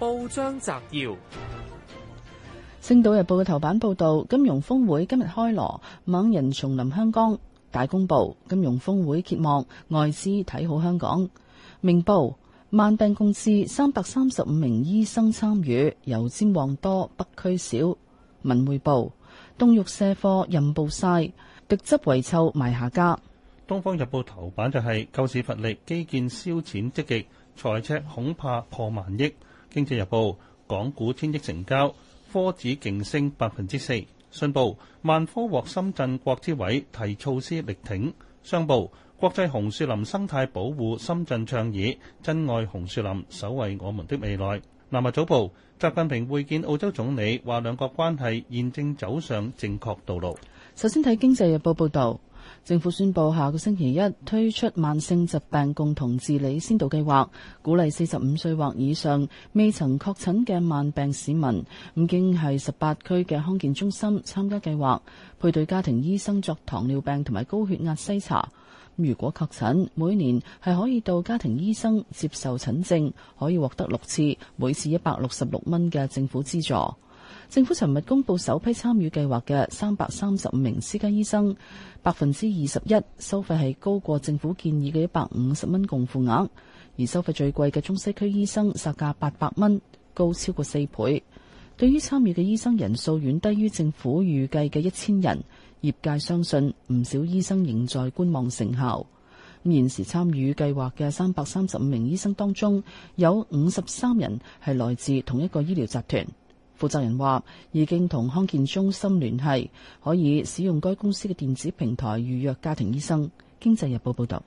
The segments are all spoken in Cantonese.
報章摘要：《星島日報》嘅頭版報道，金融峰會今日開鑼，猛人重臨香港。《大公報》金融峰會揭幕，外資睇好香港。《明報》慢病共治三百三十五名醫生參與。油尖旺多，北區少。《文匯報》凍肉卸貨任暴曬，滴汁遺臭埋下家。《東方日報》頭版就係救市乏力，基建燒錢積極，財赤恐怕破萬億。經濟日報，港股千億成交，科指勁升百分之四。信報，萬科獲深圳國資委提措施力挺。商報，國際紅樹林生態保護深圳倡議，珍愛紅樹林，守衛我們的未來。南華早報，習近平會見澳洲總理，話兩國關係現正走上正確道路。首先睇經濟日報報道。政府宣布下個星期一推出慢性疾病共同治理先導計劃，鼓勵四十五歲或以上未曾確診嘅慢病市民，咁經係十八區嘅康健中心參加計劃，配對家庭醫生作糖尿病同埋高血壓篩查。如果確診，每年係可以到家庭醫生接受診症，可以獲得六次，每次一百六十六蚊嘅政府資助。政府尋日公布首批參與計劃嘅三百三十五名私家醫生，百分之二十一收費係高過政府建議嘅一百五十蚊共付額，而收費最貴嘅中西區醫生殺價八百蚊，高超過四倍。對於參與嘅醫生人數遠低於政府預計嘅一千人，業界相信唔少醫生仍在觀望成效。咁現時參與計劃嘅三百三十五名醫生當中，有五十三人係來自同一個醫療集團。負責人話：已經同康健中心聯繫，可以使用該公司嘅電子平台預約家庭醫生。經濟日報報道，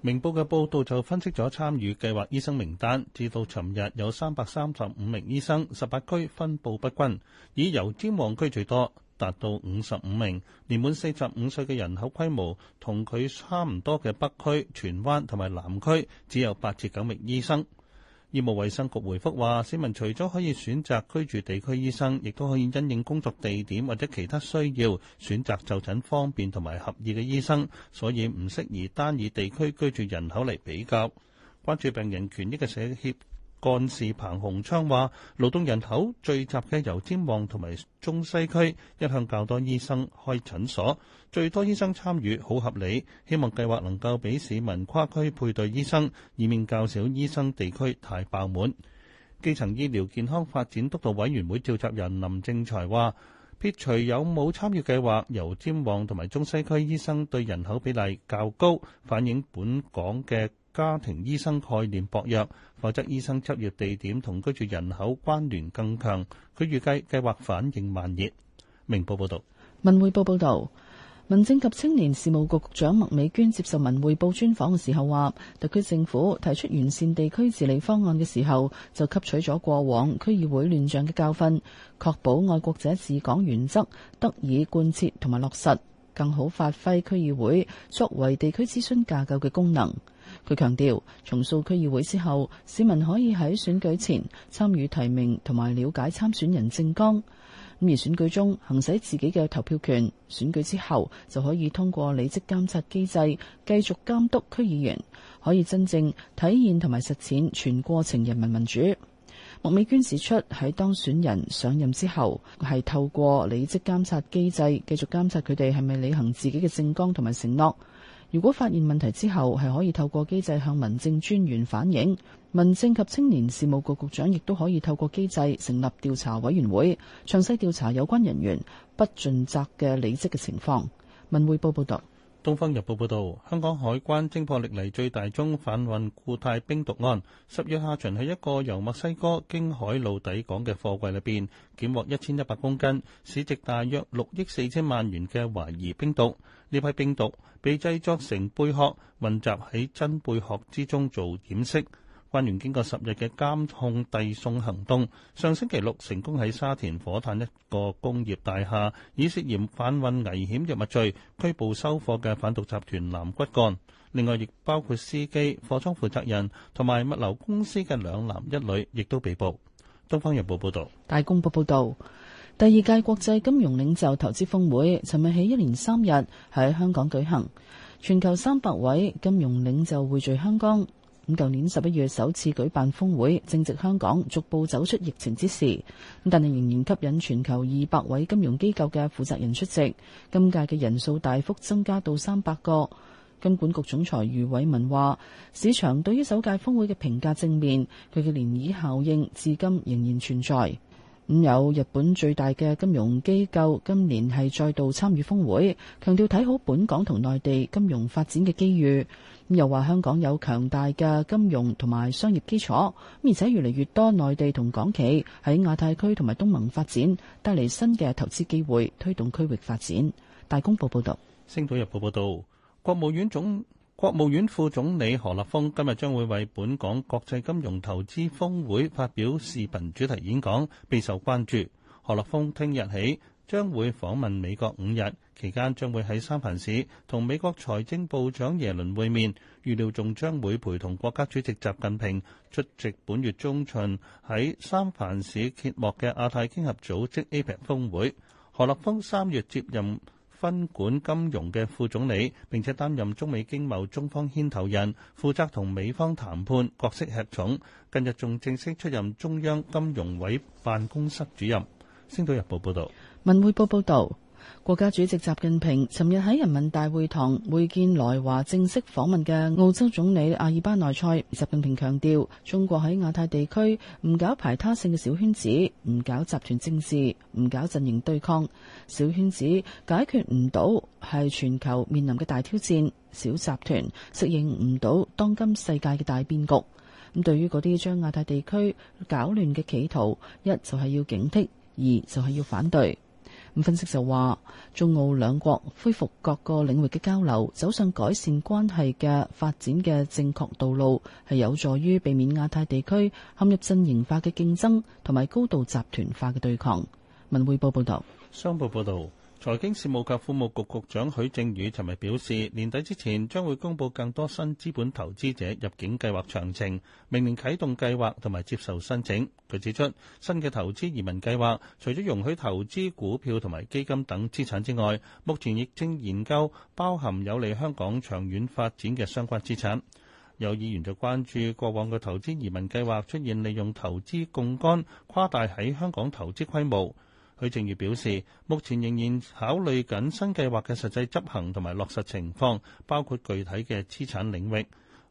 明報嘅報導就分析咗參與計劃醫生名單，至到尋日有三百三十五名醫生，十八區分佈不均，以油尖旺區最多，達到五十五名，年滿四十五歲嘅人口規模同佢差唔多嘅北區、荃灣同埋南區只有八至九名醫生。醫務衛生局回覆話，市民除咗可以選擇居住地區醫生，亦都可以因應工作地點或者其他需要選擇就診方便同埋合意嘅醫生，所以唔適宜單以地區居住人口嚟比較。關注病人權益嘅社協，幹事彭洪昌話：勞動人口聚集嘅油尖旺同埋中西區一向較多醫生開診所，最多醫生參與好合理。希望計劃能夠俾市民跨區配對醫生，以免較少醫生地區太爆滿。基層醫療健康發展督導委員會召集人林正財話：撇除有冇參與計劃，油尖旺同埋中西區醫生對人口比例較高，反映本港嘅。家庭醫生概念薄弱，否則醫生執業地點同居住人口關聯更強。佢預計計劃反應慢熱。明報報導，文匯報報導，民政及青年事務局局長麥美娟接受文匯報專訪嘅時候話，特區政府提出完善地區治理方案嘅時候，就吸取咗過往區議會亂象嘅教訓，確保愛國者治港原則得以貫徹同埋落實，更好發揮區議會作為地區諮詢架構嘅功能。佢強調，重塑區議會之後，市民可以喺選舉前參與提名同埋了解參選人政綱，而選舉中行使自己嘅投票權，選舉之後就可以通過履職監察機制繼續監督區議員，可以真正體現同埋實踐全過程人民民主。莫美娟指出，喺當選人上任之後，係透過履職監察機制繼續監察佢哋係咪履行自己嘅政綱同埋承諾。如果發現問題之後，係可以透過機制向民政專員反映；民政及青年事務局局長亦都可以透過機制成立調查委員會，詳細調查有關人員不盡責嘅履職嘅情況。文匯報報道。《東方日報》報導，香港海關偵破歷嚟最大宗販運固態冰毒案。十月下旬喺一個由墨西哥經海路抵港嘅貨櫃裏邊，檢獲一千一百公斤，市值大約六億四千萬元嘅懷疑冰毒。呢批冰毒被製作成貝殼，混雜喺真貝殼之中做掩飾。關員經過十日嘅監控遞送行動，上星期六成功喺沙田火炭一個工業大廈，以涉嫌販運危險藥物罪拘捕收貨嘅販毒集團男骨幹。另外，亦包括司機、貨倉負責人同埋物流公司嘅兩男一女，亦都被捕。東方日報報道，大公報報道，第二屆國際金融領袖投資峰會，尋日起一連三日喺香港舉行，全球三百位金融領袖匯聚香港。咁舊年十一月首次舉辦峰會，正值香港逐步走出疫情之時，但係仍然吸引全球二百位金融機構嘅負責人出席。今屆嘅人數大幅增加到三百個。金管局總裁余偉文話：市場對於首屆峰會嘅評價正面，佢嘅漣漪效應至今仍然存在。咁有日本最大嘅金融機構今年係再度參與峰會，強調睇好本港同內地金融發展嘅機遇。又話香港有強大嘅金融同埋商業基礎，而且越嚟越多內地同港企喺亞太區同埋東盟發展，帶嚟新嘅投資機會，推動區域發展。大公報報道。《星島日報》報道，國務院總國務院副總理何立峰今日將會為本港國際金融投資峰會發表視頻主題演講，備受關注。何立峰聽日起將會訪問美國五日，期間將會喺三藩市同美國財政部長耶倫會面，預料仲將會陪同國家主席習近平出席本月中旬喺三藩市揭幕嘅亞太經合組織 APEC 峰會。何立峰三月接任。分管金融嘅副總理，並且擔任中美經貿中方牽頭人，負責同美方談判，角色吃重。近日仲正式出任中央金融委辦公室主任。星島日報報道，文匯報報道。國家主席習近平尋日喺人民大會堂會見來華正式訪問嘅澳洲總理阿爾巴內塞。習近平強調，中國喺亞太地區唔搞排他性嘅小圈子，唔搞集團政治，唔搞陣營對抗。小圈子解決唔到係全球面臨嘅大挑戰，小集團適應唔到當今世界嘅大變局。咁對於嗰啲將亞太地區搞亂嘅企圖，一就係要警惕，二就係要反對。咁分析就話，中澳兩國恢復各個領域嘅交流，走上改善關係嘅發展嘅正確道路，係有助於避免亞太地區陷入陣營化嘅競爭同埋高度集團化嘅對抗。文匯報報道，商報報道。財經事務及庫務局局長許正宇尋日表示，年底之前將會公布更多新資本投資者入境計劃詳情，明年啟動計劃同埋接受申請。佢指出，新嘅投資移民計劃除咗容許投資股票同埋基金等資產之外，目前亦正研究包含有利香港長遠發展嘅相關資產。有議員就關注過往嘅投資移民計劃出現利用投資槓桿，誇大喺香港投資規模。許正宇表示，目前仍然考慮緊新計劃嘅實際執行同埋落實情況，包括具體嘅資產領域。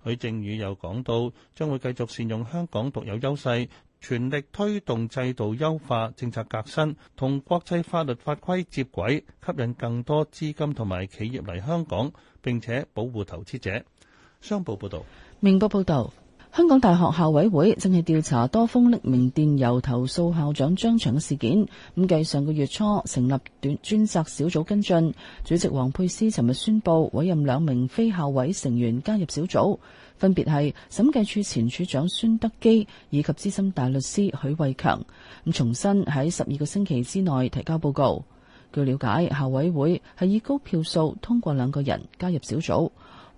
許正宇又講到，將會繼續善用香港獨有優勢，全力推動制度優化、政策革新，同國際法律法規接軌，吸引更多資金同埋企業嚟香港，並且保護投資者。商報報導，明報報導。香港大學校委會正係調查多封匿名電郵投訴校長張翔嘅事件，咁繼上個月初成立咗專責小組跟進。主席王沛詩尋日宣布委任兩名非校委成員加入小組，分別係審計處前處長孫德基以及資深大律師許慧強。咁重新喺十二個星期之內提交報告。據了解，校委會係以高票數通過兩個人加入小組。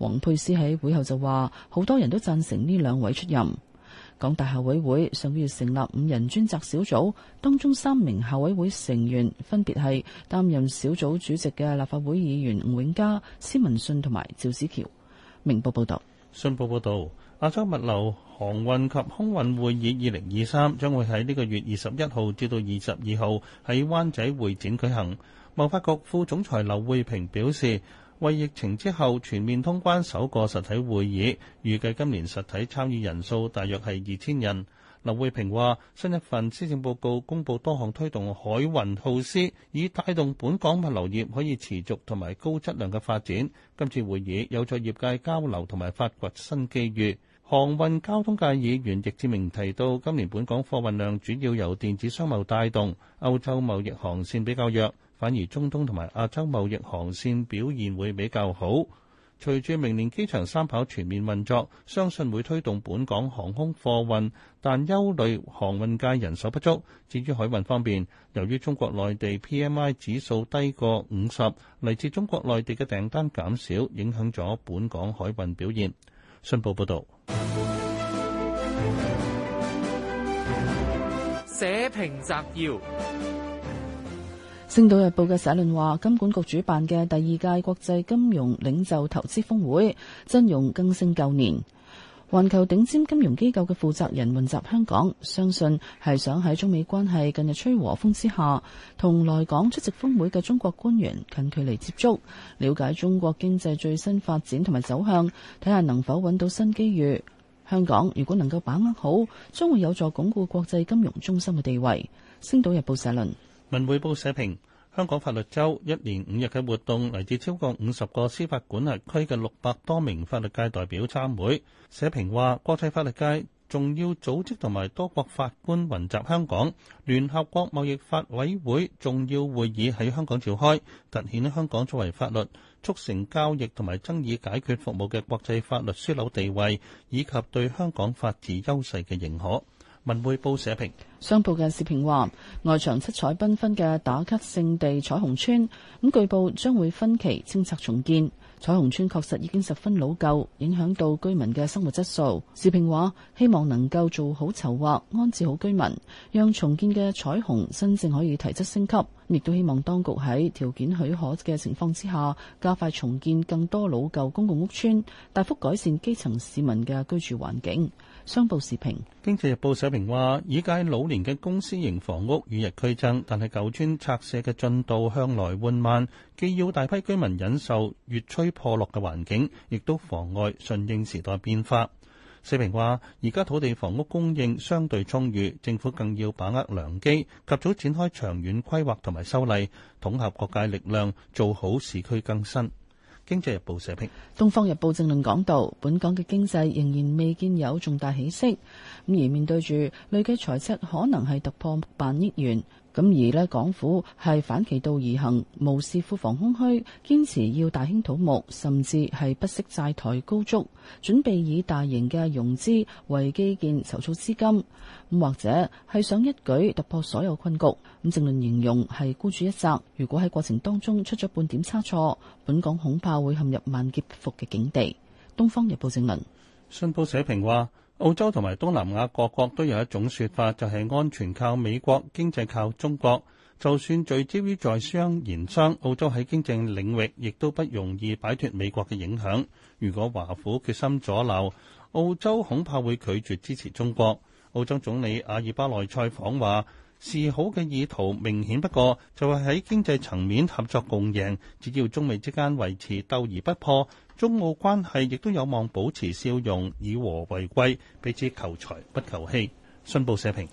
王沛詩喺會後就話，好多人都讚成呢兩位出任港大校委會上個月成立五人專責小組，當中三名校委會成員分別係擔任小組主席嘅立法會議員吳永嘉、施文信同埋趙子喬。明報報道，信報報道，亞洲物流航運及空運會議二零二三將會喺呢個月二十一號至到二十二號喺灣仔會展舉行。貿發局副總裁劉會平表示。為疫情之後全面通關首個實體會議，預計今年實體參與人數大約係二千人。劉慧平話：新一份施政報告公布多項推動海運措施，以帶動本港物流業可以持續同埋高質量嘅發展。今次會議有助業界交流同埋發掘新機遇。航運交通界議員易志明提到，今年本港貨運量主要由電子商貿帶動，歐洲貿易航線比較弱。反而中東同埋亞洲貿易航線表現會比較好，隨住明年機場三跑全面運作，相信會推動本港航空貨運。但憂慮航運界人手不足。至於海運方面，由於中國內地 PMI 指數低過五十，嚟自中國內地嘅訂單減少，影響咗本港海運表現。信報報道。社評摘要。《星島日報》嘅社論話，金管局主辦嘅第二屆國際金融領袖投資峰會陣容更勝舊年，環球頂尖金融機構嘅負責人雲集香港，相信係想喺中美關係近日吹和風之下，同來港出席峰會嘅中國官員近距離接觸，了解中國經濟最新發展同埋走向，睇下能否搵到新機遇。香港如果能夠把握好，將會有助鞏固國際金融中心嘅地位。《星島日報》社論。文匯報社評：香港法律週一連五日嘅活動，嚟自超過五十個司法管轄區嘅六百多名法律界代表參會。社評話，國際法律界重要組織同埋多國法官雲集香港，聯合國貿易法委會重要會議喺香港召開，凸顯香港作為法律促成交易同埋爭議解決服務嘅國際法律樞紐地位，以及對香港法治優勢嘅認可。文匯報社評，商報嘅時評話，外牆七彩繽紛嘅打卡勝地彩虹村，咁據報將會分期清拆重建。彩虹村確實已經十分老舊，影響到居民嘅生活質素。時評話，希望能夠做好籌劃，安置好居民，讓重建嘅彩虹真正可以提質升級。亦都希望當局喺條件許可嘅情況之下，加快重建更多老舊公共屋邨，大幅改善基層市民嘅居住環境。商報時評，經濟日報社評話：已屆老年嘅公私營房屋與日俱增，但係舊邨拆卸嘅進度向來緩慢，既要大批居民忍受越趨破落嘅環境，亦都妨礙順應時代變化。四平話：而家土地房屋供應相對充裕，政府更要把握良機，及早展開長遠規劃同埋修例，統合各界力量，做好市區更新。經濟日報社評，《東方日報》政論講道：本港嘅經濟仍然未見有重大起色，咁而面對住累計財赤可能係突破萬億元。咁而呢港府係反其道而行，無視庫房空虛，堅持要大興土木，甚至係不惜債台高築，準備以大型嘅融資為基建籌措資金，咁或者係想一舉突破所有困局。咁正論形容係孤注一擲，如果喺過程當中出咗半點差錯，本港恐怕會陷入萬劫不復嘅境地。《東方日報》正論，信報社評話。澳洲同埋東南亞各國都有一種說法，就係、是、安全靠美國經濟靠中國。就算聚焦於在商言商，澳洲喺經濟領域亦都不容易擺脫美國嘅影響，如果華府決心阻撓，澳洲恐怕會拒絕支持中國。澳洲總理阿爾巴內塞訪華，示好嘅意圖明顯不過就係、是、喺經濟層面合作共贏，只要中美之間維持鬥而不破，中澳關係亦都有望保持笑容，以和為貴，彼此求財不求氣。信報社評。